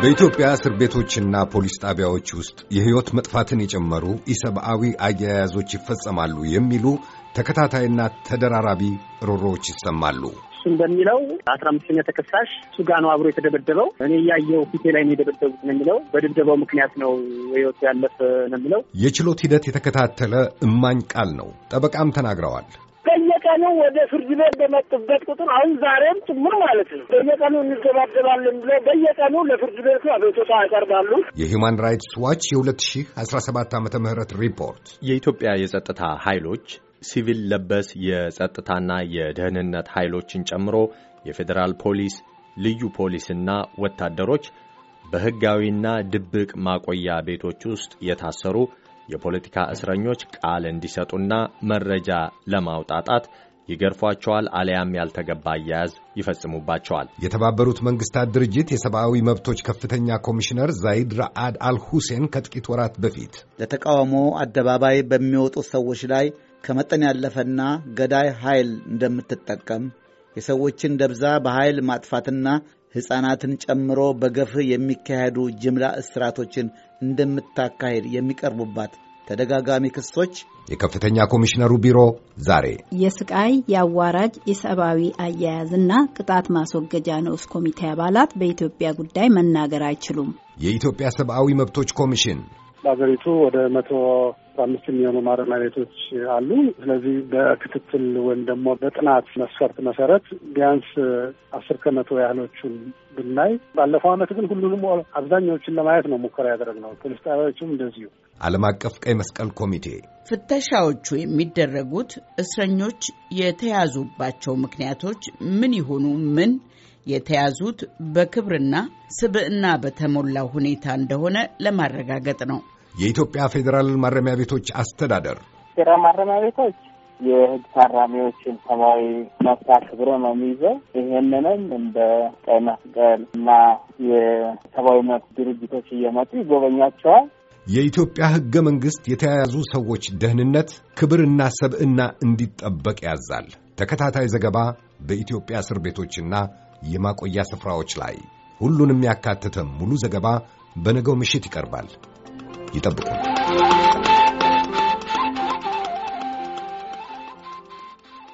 በኢትዮጵያ እስር ቤቶችና ፖሊስ ጣቢያዎች ውስጥ የሕይወት መጥፋትን የጨመሩ ኢሰብአዊ አያያዞች ይፈጸማሉ የሚሉ ተከታታይና ተደራራቢ ሮሮዎች ይሰማሉ። እሱ እንደሚለው አስራ አምስተኛ ተከሳሽ እሱ ጋ ነው አብሮ የተደበደበው። እኔ እያየው ፊቴ ላይ ነው የደበደቡት ነው የሚለው። በድብደባው ምክንያት ነው ህይወቱ ያለፈ ነው የሚለው። የችሎት ሂደት የተከታተለ እማኝ ቃል ነው። ጠበቃም ተናግረዋል። በየቀኑ ወደ ፍርድ ቤት በመጡበት ቁጥር አሁን ዛሬም ጭምር ማለት ነው በየቀኑ እንገባደባለን ብለው በየቀኑ ለፍርድ ቤቱ አቤቱታ ያቀርባሉ። የሂውማን ራይትስ ዋች የ2017 ዓ ም ሪፖርት የኢትዮጵያ የጸጥታ ኃይሎች ሲቪል ለበስ የጸጥታና የደህንነት ኃይሎችን ጨምሮ የፌዴራል ፖሊስ፣ ልዩ ፖሊስና ወታደሮች በሕጋዊና ድብቅ ማቆያ ቤቶች ውስጥ የታሰሩ የፖለቲካ እስረኞች ቃል እንዲሰጡና መረጃ ለማውጣጣት ይገርፏቸዋል፣ አለያም ያልተገባ አያያዝ ይፈጽሙባቸዋል። የተባበሩት መንግስታት ድርጅት የሰብአዊ መብቶች ከፍተኛ ኮሚሽነር ዛይድ ራአድ አልሁሴን ከጥቂት ወራት በፊት ለተቃውሞ አደባባይ በሚወጡ ሰዎች ላይ ከመጠን ያለፈና ገዳይ ኃይል እንደምትጠቀም የሰዎችን ደብዛ በኃይል ማጥፋትና ሕፃናትን ጨምሮ በገፍ የሚካሄዱ ጅምላ እስራቶችን እንደምታካሄድ የሚቀርቡባት ተደጋጋሚ ክሶች የከፍተኛ ኮሚሽነሩ ቢሮ ዛሬ የስቃይ የአዋራጅ የሰብአዊ አያያዝና ቅጣት ማስወገጃ ንዑስ ኮሚቴ አባላት በኢትዮጵያ ጉዳይ መናገር አይችሉም። የኢትዮጵያ ሰብአዊ መብቶች ኮሚሽን በአገሪቱ ወደ መቶ አስራ አምስት የሚሆኑ ማረሚያ ቤቶች አሉ። ስለዚህ በክትትል ወይም ደግሞ በጥናት መስፈርት መሰረት ቢያንስ አስር ከመቶ ያህሎቹን ብናይ፣ ባለፈው ዓመት ግን ሁሉንም አብዛኛዎችን ለማየት ነው ሙከራ ያደረግነው። ፖሊስ ጣቢያዎችም እንደዚሁ። ዓለም አቀፍ ቀይ መስቀል ኮሚቴ ፍተሻዎቹ የሚደረጉት እስረኞች የተያዙባቸው ምክንያቶች ምን ይሆኑ ምን የተያዙት በክብርና ስብዕና በተሞላው ሁኔታ እንደሆነ ለማረጋገጥ ነው። የኢትዮጵያ ፌዴራል ማረሚያ ቤቶች አስተዳደር ፌዴራል ማረሚያ ቤቶች የህግ ታራሚዎችን ሰብአዊ መብት አክብሮ ነው የሚይዘው። ይህንንም እንደ ቀይ መስቀል እና የሰብአዊ መብት ድርጅቶች እየመጡ ይጎበኛቸዋል። የኢትዮጵያ ህገ መንግስት የተያያዙ ሰዎች ደህንነት፣ ክብርና ሰብዕና እንዲጠበቅ ያዛል። ተከታታይ ዘገባ በኢትዮጵያ እስር ቤቶችና የማቆያ ስፍራዎች ላይ ሁሉንም ያካተተ ሙሉ ዘገባ በነገው ምሽት ይቀርባል። ይጠብቁ።